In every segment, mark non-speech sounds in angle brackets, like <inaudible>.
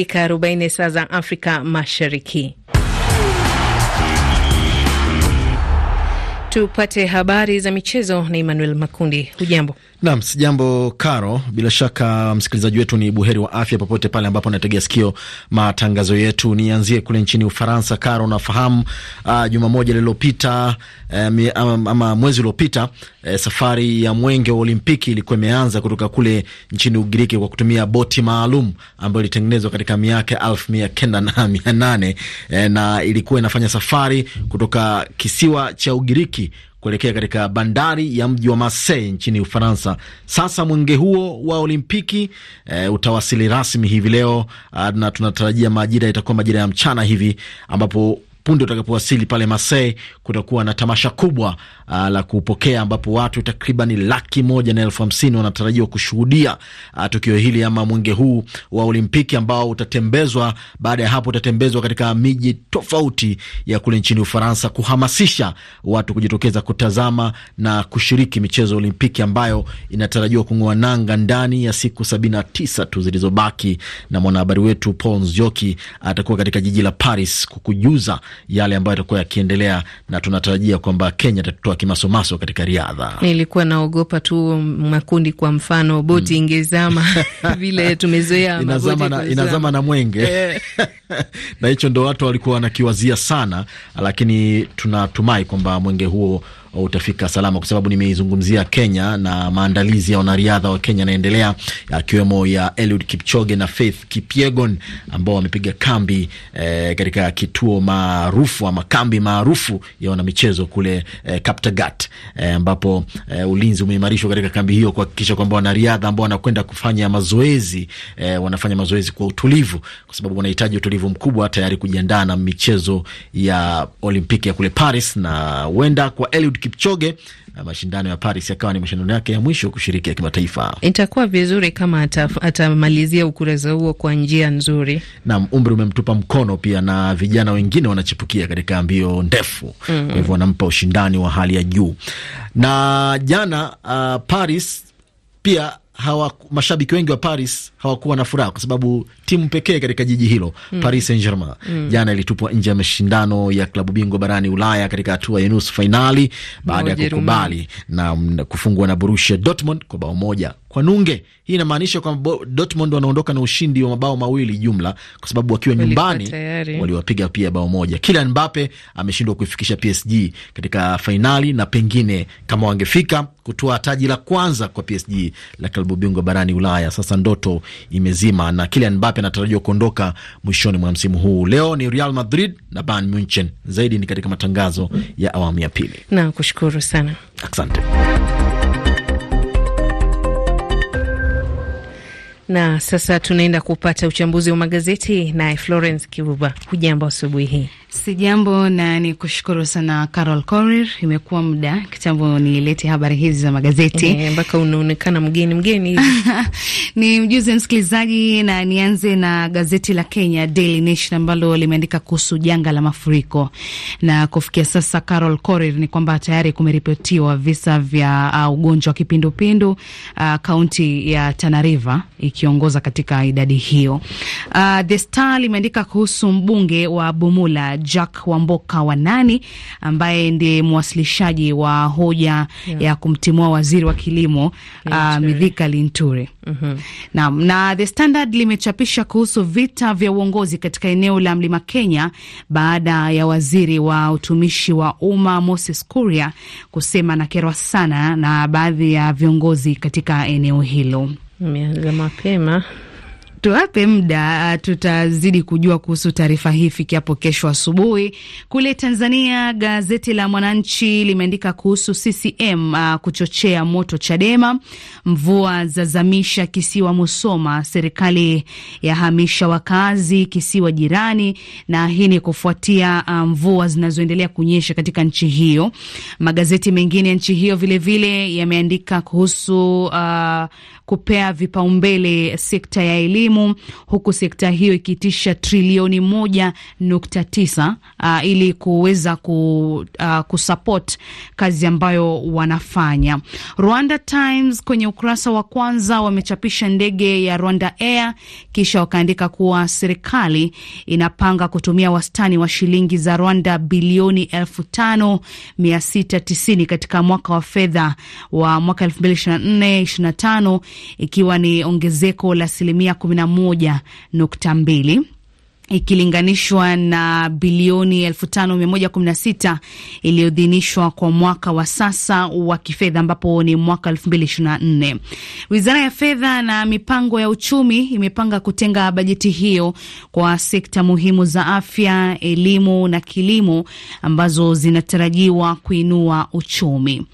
Dakika 40 saa za Afrika Mashariki. Tupate habari za michezo na Emmanuel Makundi. Hujambo? Naam, sijambo Karo. Bila shaka msikilizaji wetu ni buheri wa afya popote pale ambapo anategea sikio matangazo yetu. Nianzie kule nchini Ufaransa. Karo, nafahamu uh, ah, juma moja lililopita um, ama mwezi uliopita uh, safari ya mwenge wa Olimpiki ilikuwa imeanza kutoka kule nchini Ugiriki kwa kutumia boti maalum ambayo ilitengenezwa katika miaka elfu mia kenda na mia nane eh, na ilikuwa inafanya safari kutoka kisiwa cha Ugiriki kuelekea katika bandari ya mji wa Marseille nchini Ufaransa. Sasa mwenge huo wa Olimpiki e, utawasili rasmi hivi leo ah, na tunatarajia majira, itakuwa majira ya mchana hivi ambapo punde utakapowasili pale Masei kutakuwa na tamasha kubwa uh, la kupokea ambapo watu takriban laki moja na elfu hamsini wanatarajiwa kushuhudia uh, tukio hili ama mwenge huu wa Olimpiki ambao utatembezwa. Baada ya hapo utatembezwa katika miji tofauti ya kule nchini Ufaransa kuhamasisha watu kujitokeza kutazama na kushiriki michezo ya Olimpiki ambayo inatarajiwa kung'oa nanga ndani ya siku sabini na tisa tu zilizobaki, na mwanahabari wetu Paul Nzioki atakuwa katika jiji la Paris kukujuza yale ambayo yatakuwa yakiendelea, na tunatarajia kwamba Kenya itatoa kimasomaso katika riadha. Nilikuwa naogopa tu makundi, kwa mfano boti mm. ingezama <laughs> vile tumezoea inazama na, inazama na mwenge eh. <laughs> na hicho ndo watu walikuwa wanakiwazia sana, lakini tunatumai kwamba mwenge huo utafika salama, kwa sababu nimeizungumzia Kenya na maandalizi ya wanariadha wa Kenya yanaendelea, akiwemo ya Eliud Kipchoge na Faith Kipyegon ambao wamepiga kambi eh, katika kituo maarufu ama kambi maarufu ya wanamichezo kule eh, Kaptagat eh, ambapo eh, ulinzi umeimarishwa katika kambi hiyo kuhakikisha kwamba wanariadha ambao wanakwenda kufanya mazoezi eh, wanafanya mazoezi kwa utulivu, kwa sababu wanahitaji utulivu mkubwa tayari kujiandaa na michezo ya Olimpiki ya kule Paris na huenda kwa Eliud Kipchoge, na mashindano ya Paris yakawa ni mashindano yake ya mwisho kushiriki ya kimataifa. Itakuwa vizuri kama atamalizia ukurasa huo kwa njia nzuri. nam umri umemtupa mkono pia, na vijana wengine wanachipukia katika mbio ndefu mm -hmm. Kwa hivyo wanampa ushindani wa hali ya juu, na jana uh, Paris pia hawa, mashabiki wengi wa Paris hawakuwa na furaha kwa sababu timu pekee katika jiji hilo mm. Paris Saint-Germain mm. jana ilitupwa nje ya mashindano ya klabu bingwa barani Ulaya katika hatua ya nusu fainali baada ya kukubali na kufungwa na Borussia Dortmund kwa bao moja kwa nunge. Hii inamaanisha kwamba Dortmund wanaondoka na ushindi wa mabao mawili jumla, kwa sababu wakiwa nyumbani waliwapiga pia bao moja. Kylian Mbappe ameshindwa kuifikisha PSG katika fainali, na pengine kama wangefika kutoa taji la kwanza kwa PSG la klabu bingwa barani Ulaya. Sasa ndoto imezima na Kylian Mbappe anatarajiwa kuondoka mwishoni mwa msimu huu. Leo ni Real Madrid na Bayern Munchen. Zaidi ni katika matangazo ya awamu ya pili. Na kushukuru sana, asante. Na sasa tunaenda kupata uchambuzi wa magazeti naye Florence Kivuba. Hujambo asubuhi hii? Sijambo na ni kushukuru sana Carol Korir. Imekuwa muda kitambo nilete habari hizi za magazeti eh, mpaka unaonekana mgeni mgeni <laughs> ni mjuzi msikilizaji, na nianze na gazeti la Kenya Daily Nation ambalo limeandika kuhusu janga la mafuriko, na kufikia sasa Carol Korir ni kwamba tayari kumeripotiwa visa vya uh, ugonjwa wa kipindupindu uh, kaunti ya Tana River ikiongoza katika idadi hiyo. Uh, The Star limeandika kuhusu mbunge wa Bumula Jack Wamboka Wanani ambaye ndiye mwasilishaji wa hoja yeah. ya kumtimua waziri wa kilimo uh, Midhika Linture mm -hmm. na, na The Standard limechapisha kuhusu vita vya uongozi katika eneo la Mlima Kenya baada ya waziri wa utumishi wa umma Moses Kuria kusema kerwa sana na baadhi ya viongozi katika eneo hilo. Mianza mapema tuwape muda, uh, tutazidi kujua kuhusu taarifa hii fikiapo kesho asubuhi. Kule Tanzania, gazeti la Mwananchi limeandika kuhusu CCM uh, kuchochea moto Chadema, mvua zazamisha kisiwa Musoma, serikali yahamisha wakazi kisiwa jirani, na hii ni kufuatia uh, mvua um, zinazoendelea kunyesha katika nchi hiyo. Magazeti mengine ya nchi hiyo vilevile yameandika kuhusu uh, kupea vipaumbele sekta ya elimu, huku sekta hiyo ikiitisha trilioni moja nukta tisa uh, ili kuweza ku, uh, kusupport kazi ambayo wanafanya. Rwanda Times kwenye ukurasa wa kwanza wamechapisha ndege ya Rwanda Air kisha wakaandika kuwa serikali inapanga kutumia wastani wa shilingi za Rwanda bilioni elfu tano mia sita tisini katika mwaka wa fedha wa mwaka elfu mbili ishirini na nne ishirini na tano ikiwa ni ongezeko la asilimia kumi na moja nukta mbili ikilinganishwa na bilioni 5116 iliyoidhinishwa kwa mwaka wa sasa wa kifedha ambapo ni mwaka 2024. Wizara ya Fedha na Mipango ya Uchumi imepanga kutenga bajeti hiyo kwa sekta muhimu za afya, elimu na kilimo ambazo zinatarajiwa kuinua uchumi.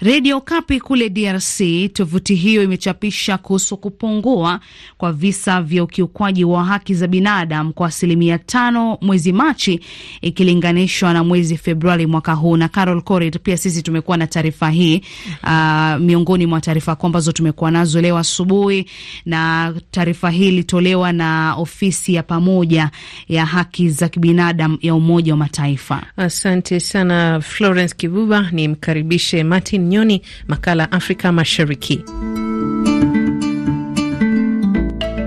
Radio Kapi kule DRC, tovuti hiyo imechapisha kuhusu kupungua kwa visa vya ukiukwaji wa haki za binadamu kwa asilimia tano mwezi Machi ikilinganishwa na mwezi Februari mwaka huu. Na Carol Corid, pia sisi tumekuwa na taarifa hii uh, miongoni mwa taarifa kuu ambazo tumekuwa nazo leo asubuhi, na taarifa hii ilitolewa na ofisi ya pamoja ya haki za kibinadamu ya Umoja wa Mataifa. Asante sana Florence Kibuba, nimkaribishe Martin Nyoni, makala Afrika Mashariki.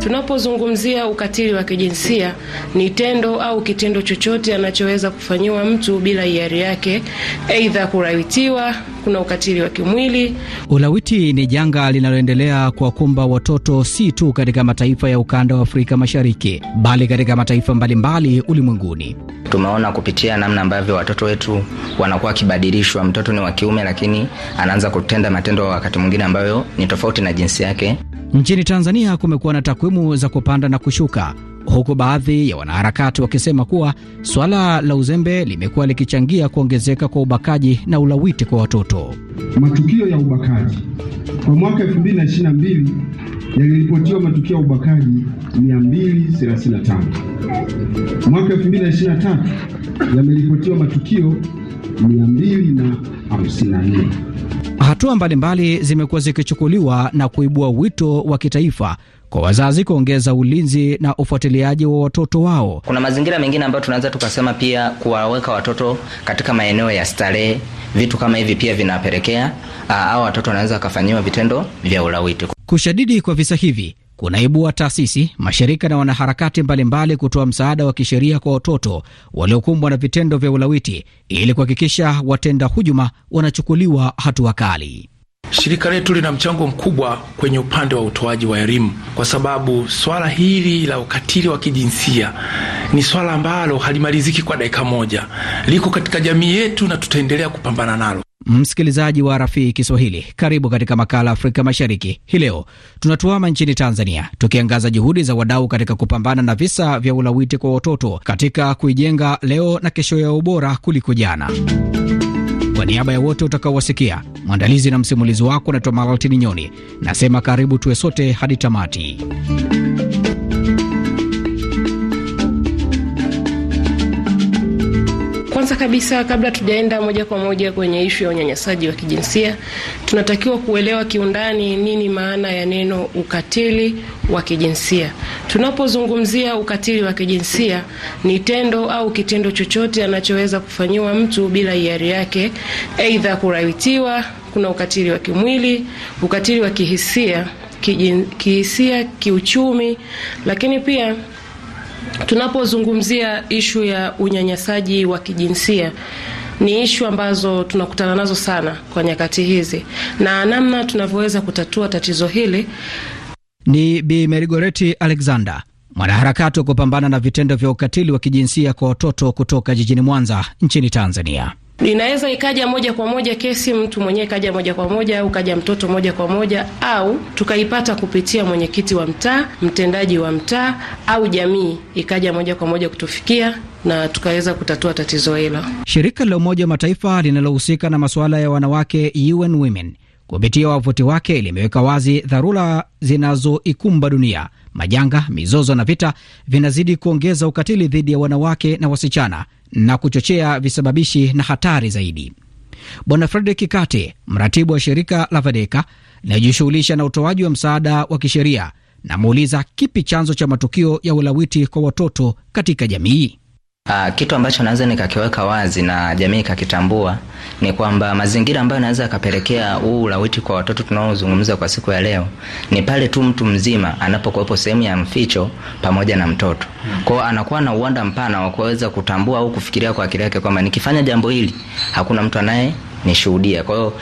Tunapozungumzia ukatili wa kijinsia ni tendo au kitendo chochote anachoweza kufanyiwa mtu bila hiari yake, aidha kurawitiwa. Kuna ukatili wa kimwili. Ulawiti ni janga linaloendelea kuwakumba watoto si tu katika mataifa ya ukanda wa Afrika Mashariki, bali katika mataifa mbalimbali ulimwenguni. Tumeona kupitia namna ambavyo watoto wetu wanakuwa wakibadilishwa. Mtoto ni wa kiume, lakini anaanza kutenda matendo wakati mwingine ambayo ni tofauti na jinsi yake. Nchini Tanzania kumekuwa na takwimu za kupanda na kushuka, huku baadhi ya wanaharakati wakisema kuwa suala la uzembe limekuwa likichangia kuongezeka kwa ubakaji na ulawiti kwa watoto. Matukio ya ubakaji kwa mwaka 2022 yaliripotiwa matukio ya ubakaji 235, mwaka 2023 yameripotiwa matukio 254. Hatua mbalimbali zimekuwa zikichukuliwa na kuibua wito wa kitaifa kwa wazazi kuongeza ulinzi na ufuatiliaji wa watoto wao. Kuna mazingira mengine ambayo tunaweza tukasema pia kuwaweka watoto katika maeneo ya starehe, vitu kama hivi pia vinapelekea au ah, watoto wanaweza wakafanyiwa vitendo vya ulawiti. Kushadidi kwa visa hivi kunaibua taasisi, mashirika na wanaharakati mbalimbali kutoa msaada wa kisheria kwa watoto waliokumbwa na vitendo vya ulawiti ili kuhakikisha watenda hujuma wanachukuliwa hatua kali. Shirika letu lina mchango mkubwa kwenye upande wa utoaji wa elimu, kwa sababu swala hili la ukatili wa kijinsia ni swala ambalo halimaliziki kwa dakika moja, liko katika jamii yetu na tutaendelea kupambana nalo. Msikilizaji wa Rafii Kiswahili, karibu katika makala Afrika Mashariki. Hii leo tunatuama nchini Tanzania, tukiangaza juhudi za wadau katika kupambana na visa vya ulawiti kwa watoto katika kuijenga leo na kesho yao bora kuliko jana. Kwa niaba ya wote utakaowasikia, mwandalizi na msimulizi wako unaitwa Malatini Nyoni, nasema karibu tuwe sote hadi tamati. Kwanza kabisa kabla tujaenda moja kwa moja kwenye ishu ya unyanyasaji wa kijinsia, tunatakiwa kuelewa kiundani nini maana ya neno ukatili wa kijinsia. Tunapozungumzia ukatili wa kijinsia, ni tendo au kitendo chochote anachoweza kufanyiwa mtu bila hiari yake, aidha kurawitiwa. Kuna ukatili wa kimwili, ukatili wa kihisia, kijin, kihisia, kiuchumi, lakini pia Tunapozungumzia ishu ya unyanyasaji wa kijinsia ni ishu ambazo tunakutana nazo sana kwa nyakati hizi na namna tunavyoweza kutatua tatizo hili. Ni Bi Merigoreti Alexander, mwanaharakati wa kupambana na vitendo vya ukatili wa kijinsia kwa watoto kutoka jijini Mwanza nchini Tanzania. Inaweza ikaja moja kwa moja kesi, mtu mwenyewe kaja moja kwa moja, au kaja mtoto moja kwa moja, au tukaipata kupitia mwenyekiti wa mtaa, mtendaji wa mtaa, au jamii ikaja moja kwa moja kutufikia na tukaweza kutatua tatizo hilo. Shirika la Umoja wa Mataifa linalohusika na masuala ya wanawake UN Women kupitia wavuti wake limeweka wazi dharura zinazoikumba dunia. Majanga, mizozo na vita vinazidi kuongeza ukatili dhidi ya wanawake na wasichana na kuchochea visababishi na hatari zaidi. Bwana Fredrik Kate, mratibu wa shirika la Vadeka linajishughulisha na utoaji wa msaada wa kisheria, namuuliza kipi chanzo cha matukio ya ulawiti kwa watoto katika jamii? Uh, kitu ambacho naweza nikakiweka wazi na jamii ikakitambua ni kwamba mazingira ambayo naweza yakapelekea huu ulawiti kwa watoto tunaozungumza kwa siku ya leo ni pale tu mtu mzima anapokuwepo sehemu ya mficho pamoja na mtoto. Kwao anakuwa na uwanda mpana wa kuweza kutambua au kufikiria kwa akili yake kwamba nikifanya jambo hili hakuna mtu anaye nishuhudia. Kwa hiyo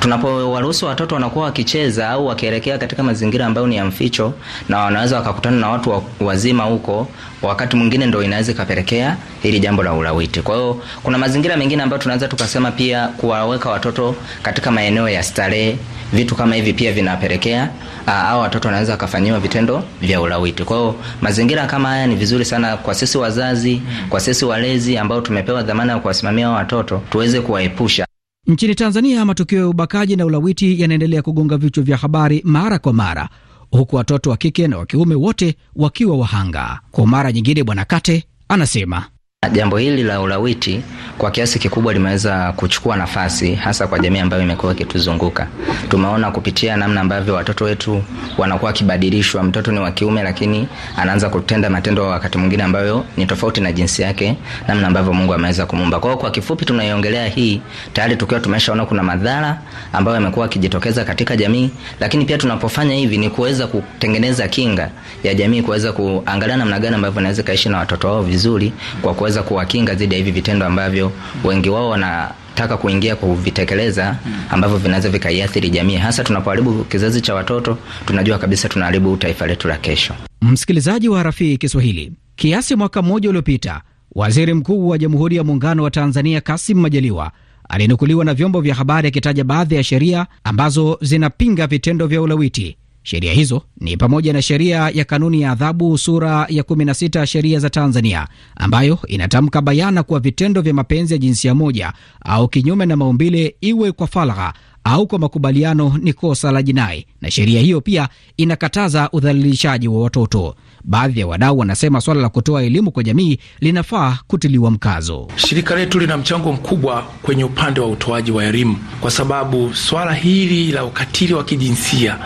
tunapowaruhusu watoto wanakuwa wakicheza au wakielekea katika mazingira ambayo ni ya mficho na wanaweza wakakutana na watu wazima huko, wakati mwingine ndo inaweza ikapelekea hili jambo la ulawiti. Kwa hiyo kuna mazingira mengine ambayo tunaweza tukasema pia kuwaweka watoto katika maeneo ya starehe, vitu kama hivi pia vinapelekea au watoto wanaweza wakafanyiwa vitendo vya ulawiti. Kwa hiyo mazingira kama haya ni vizuri sana kwa sisi wazazi, kwa sisi walezi ambao tumepewa dhamana ya kuwasimamia watoto tuweze kuwaepusha. Nchini Tanzania, matukio ya ubakaji na ulawiti yanaendelea kugonga vichwa vya habari mara kwa mara, huku watoto wa kike na wa kiume wote wakiwa wahanga. Kwa mara nyingine, Bwana Kate anasema Jambo hili la ulawiti kwa kiasi kikubwa limeweza kuchukua nafasi hasa kwa jamii ambayo imekuwa ikituzunguka. Tumeona kupitia namna ambavyo watoto wetu wanakuwa wakibadilishwa. Mtoto ni wa kiume, lakini anaanza kutenda matendo wakati mwingine ambayo ni tofauti na jinsi yake, namna ambavyo Mungu ameweza kumumba. Kwa hiyo kwa kifupi, tunaiongelea hii tayari tukiwa tumeshaona kuna madhara ambayo yamekuwa yakijitokeza katika jamii, lakini pia tunapofanya hivi ni kuweza kutengeneza kinga ya jamii kuweza kuangalia namna gani ambavyo inaweza kaishi na watoto wao vizuri kwa kuweza kuweza kuwakinga dhidi ya hivi vitendo ambavyo wengi wao wana taka kuingia kuvitekeleza ambavyo vinaweza vikaiathiri jamii, hasa tunapoharibu kizazi cha watoto, tunajua kabisa tunaharibu taifa letu la kesho. Msikilizaji wa rafiki Kiswahili, kiasi mwaka mmoja uliopita, waziri mkuu wa Jamhuri ya Muungano wa Tanzania Kasim Majaliwa alinukuliwa na vyombo vya habari akitaja baadhi ya sheria ambazo zinapinga vitendo vya ulawiti Sheria hizo ni pamoja na sheria ya kanuni ya adhabu sura ya 16 sheria za Tanzania, ambayo inatamka bayana kuwa vitendo vya mapenzi ya jinsia moja au kinyume na maumbile, iwe kwa falgha au kwa makubaliano, ni kosa la jinai, na sheria hiyo pia inakataza udhalilishaji wa watoto. Baadhi ya wadau wanasema swala la kutoa elimu kwa jamii linafaa kutiliwa mkazo. Shirika letu lina mchango mkubwa kwenye upande wa utoaji wa elimu, kwa sababu swala hili la ukatili wa kijinsia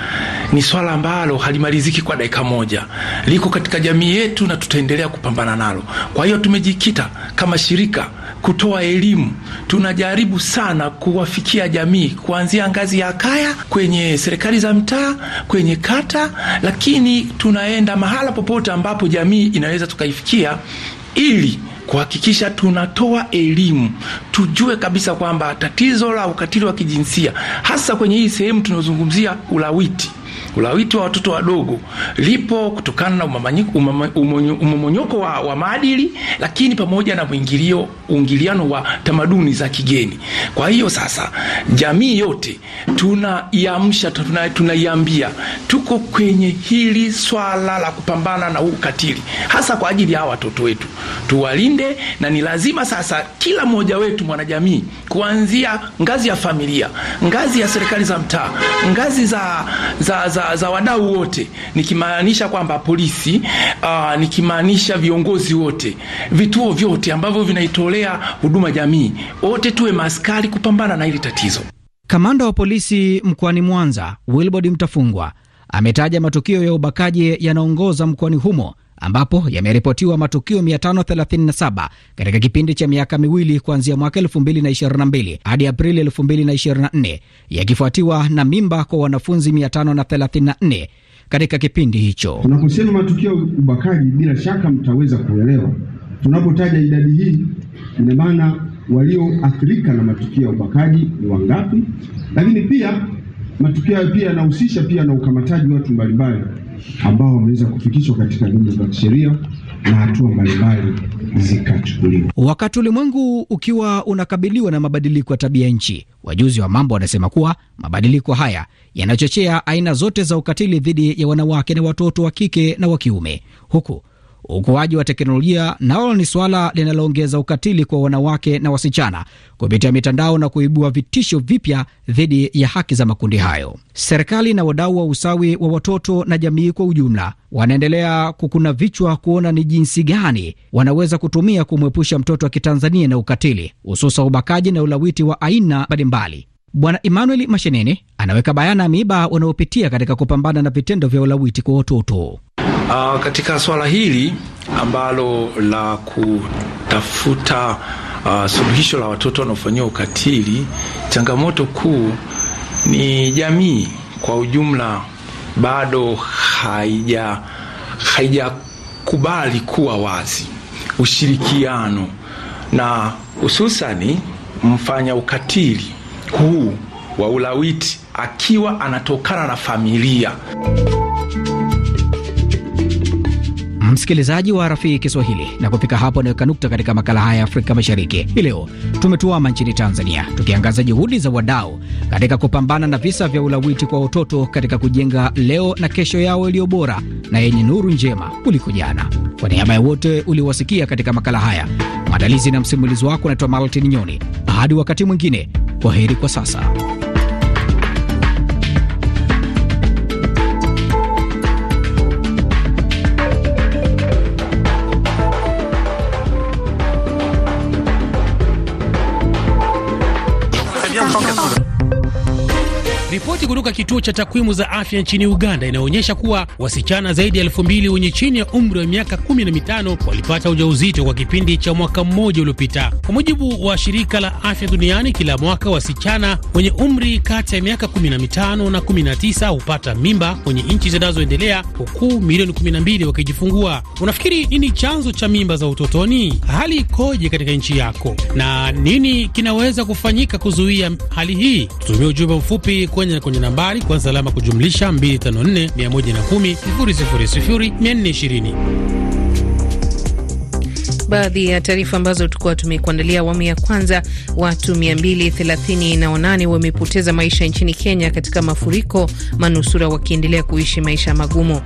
ni swala ambalo halimaliziki kwa dakika moja, liko katika jamii yetu na tutaendelea kupambana nalo. Kwa hiyo tumejikita kama shirika kutoa elimu. Tunajaribu sana kuwafikia jamii kuanzia ngazi ya kaya, kwenye serikali za mtaa, kwenye kata, lakini tunaenda mahala popote ambapo jamii inaweza tukaifikia ili kuhakikisha tunatoa elimu, tujue kabisa kwamba tatizo la ukatili wa kijinsia hasa kwenye hii sehemu tunayozungumzia ulawiti ulawiti wa watoto wadogo lipo kutokana na umomonyoko wa, wa maadili, lakini pamoja na mwingilio uingiliano wa tamaduni za kigeni. Kwa hiyo sasa, jamii yote tunaiamsha, tunaiambia tuko kwenye hili swala la kupambana na ukatili, hasa kwa ajili ya watoto wetu, tuwalinde, na ni lazima sasa kila mmoja wetu mwanajamii, kuanzia ngazi ya familia, ngazi ya serikali za mtaa, ngazi za, za za, za, wadau wote, nikimaanisha kwamba polisi, uh, nikimaanisha viongozi wote, vituo vyote ambavyo vinaitolea huduma jamii, wote tuwe maaskari kupambana na hili tatizo. Kamanda wa polisi mkoani Mwanza Wilbard Mtafungwa ametaja matukio ya ubakaji yanaongoza mkoani humo ambapo yameripotiwa matukio 537 katika kipindi cha miaka miwili kuanzia mwaka 2022 hadi Aprili 2024, yakifuatiwa na mimba kwa wanafunzi 534 katika kipindi hicho. Tunaposema matukio ya ubakaji, bila shaka mtaweza kuelewa tunapotaja idadi hii, ina maana walioathirika na matukio ya ubakaji ni wangapi, lakini pia matukio hayo pia yanahusisha pia na ukamataji watu mbalimbali ambao wameweza kufikishwa katika vyombo vya kisheria na hatua mbalimbali zikachukuliwa. Wakati ulimwengu ukiwa unakabiliwa na mabadiliko ya tabia nchi, wajuzi wa mambo wanasema kuwa mabadiliko haya yanachochea aina zote za ukatili dhidi ya wanawake na watoto wa kike na wa kiume huku Ukuaji wa teknolojia nalo ni suala linaloongeza ukatili kwa wanawake na wasichana kupitia mitandao na kuibua vitisho vipya dhidi ya haki za makundi hayo. Serikali na wadau wa usawi wa watoto na jamii kwa ujumla wanaendelea kukuna vichwa kuona ni jinsi gani wanaweza kutumia kumwepusha mtoto wa Kitanzania na ukatili, hususa ubakaji na ulawiti wa aina mbalimbali. Bwana Emmanuel Mashenini anaweka bayana miiba wanaopitia katika kupambana na vitendo vya ulawiti kwa watoto. Uh, katika swala hili ambalo la kutafuta uh, suluhisho la watoto wanaofanyiwa ukatili, changamoto kuu ni jamii kwa ujumla bado haija haijakubali kuwa wazi ushirikiano na hususani mfanya ukatili huu wa ulawiti akiwa anatokana na familia msikilizaji wa Rafiki Kiswahili, na kufika hapo naweka nukta katika makala haya ya Afrika Mashariki hii leo. Tumetuama nchini Tanzania tukiangaza juhudi za wadau katika kupambana na visa vya ulawiti kwa watoto katika kujenga leo na kesho yao iliyo bora na yenye nuru njema kuliko jana. Kwa niaba ya wote uliowasikia katika makala haya, mwandalizi na msimulizi wako unaitwa Maltin Nyoni. Hadi wakati mwingine, kwa heri kwa sasa. kituo cha takwimu za afya nchini Uganda inaonyesha kuwa wasichana zaidi ya elfu mbili wenye chini ya umri wa miaka 15 walipata ujauzito kwa kipindi cha mwaka mmoja uliopita, kwa mujibu wa shirika la afya duniani. Kila mwaka wasichana wenye umri kati ya miaka 15 na 19 hupata mimba kwenye nchi zinazoendelea, huku milioni 12 wakijifungua. Unafikiri nini chanzo cha mimba za utotoni? Hali ikoje katika nchi yako na nini kinaweza kufanyika kuzuia hali hii? Tutumie ujumbe mfupi kwenye kwenye nambari nambari kwanza alama kujumlisha 254 110 000 420 baadhi ya taarifa ambazo tulikuwa tumekuandalia awamu ya kwanza. Watu 238 wamepoteza maisha nchini Kenya katika mafuriko, manusura wakiendelea kuishi maisha magumu.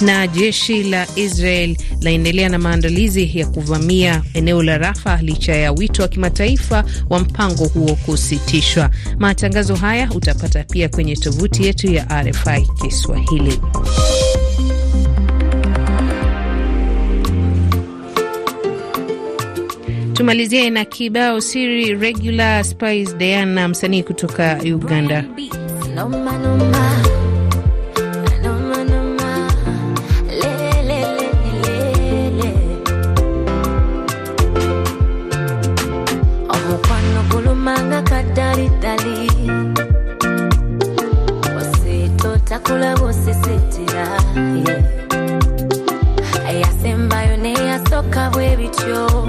Na jeshi la Israel laendelea na maandalizi ya kuvamia eneo la Rafa licha ya wito wa kimataifa wa mpango huo kusitishwa. Matangazo haya utapata pia kwenye tovuti yetu ya RFI Kiswahili. Tumalizie na kibao siri Regular Spice Diana, msanii kutoka Uganda. Noma, kadalidali neyasoka bwe bityo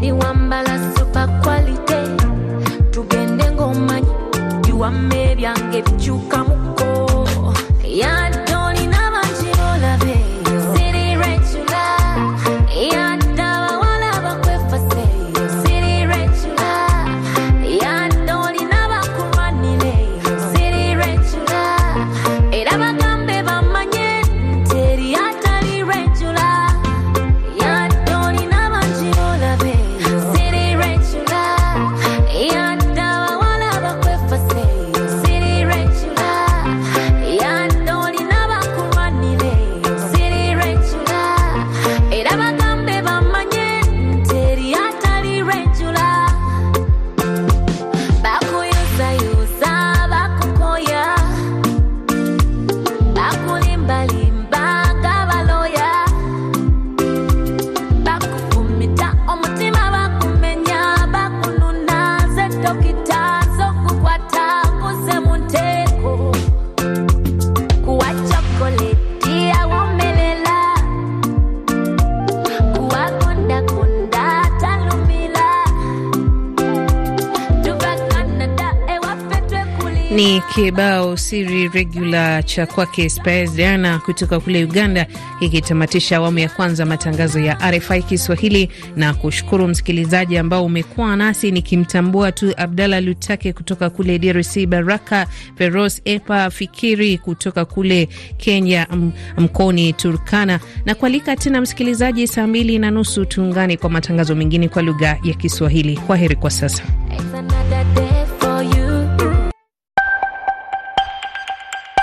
ni wambala super quality tugende ngomanyi biwame byange bikyukamuko yani ni kibao siri regula cha kwake Spes Diana kutoka kule Uganda, ikitamatisha awamu ya kwanza matangazo ya RFI Kiswahili, na kushukuru msikilizaji ambao umekuwa nasi, nikimtambua tu Abdalla Lutake kutoka kule DRC, Baraka Feros Epa Fikiri kutoka kule Kenya, mkoni Turkana, na kualika tena msikilizaji, saa mbili na nusu tuungane kwa matangazo mengine kwa lugha ya Kiswahili. Kwa heri kwa sasa.